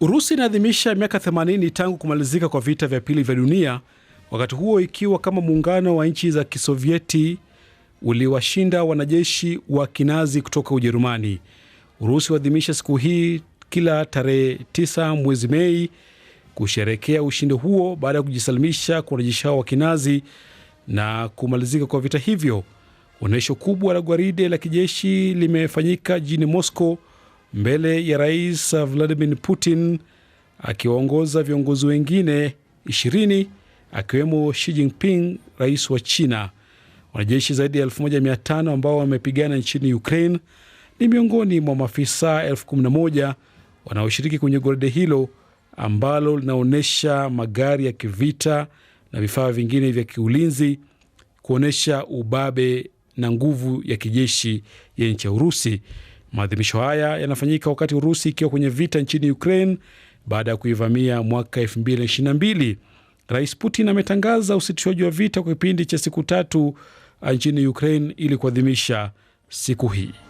Urusi inaadhimisha miaka 80 tangu kumalizika kwa vita vya pili vya dunia, wakati huo ikiwa kama muungano wa nchi za Kisovieti uliwashinda wanajeshi wa Kinazi kutoka Ujerumani. Urusi huadhimisha siku hii kila tarehe 9 mwezi Mei kusherekea ushindi huo baada ya kujisalimisha kwa wanajeshi hao wa Kinazi na kumalizika kwa vita hivyo. Onyesho kubwa la gwaride la kijeshi limefanyika jijini Moscow mbele ya Rais Vladimir Putin akiwaongoza viongozi wengine 20 akiwemo Xi Jinping, rais wa China. Wanajeshi zaidi ya 15 ambao wamepigana nchini Ukraine ni miongoni mwa maafisa 11 wanaoshiriki kwenye gwaride hilo ambalo linaonyesha magari ya kivita na vifaa vingine vya kiulinzi kuonyesha ubabe na nguvu ya kijeshi ya nchi ya Urusi. Maadhimisho haya yanafanyika wakati Urusi ikiwa kwenye vita nchini Ukraine baada ya kuivamia mwaka 2022. Rais Putin ametangaza usitishaji wa vita kwa kipindi cha siku tatu uh, nchini Ukraine ili kuadhimisha siku hii.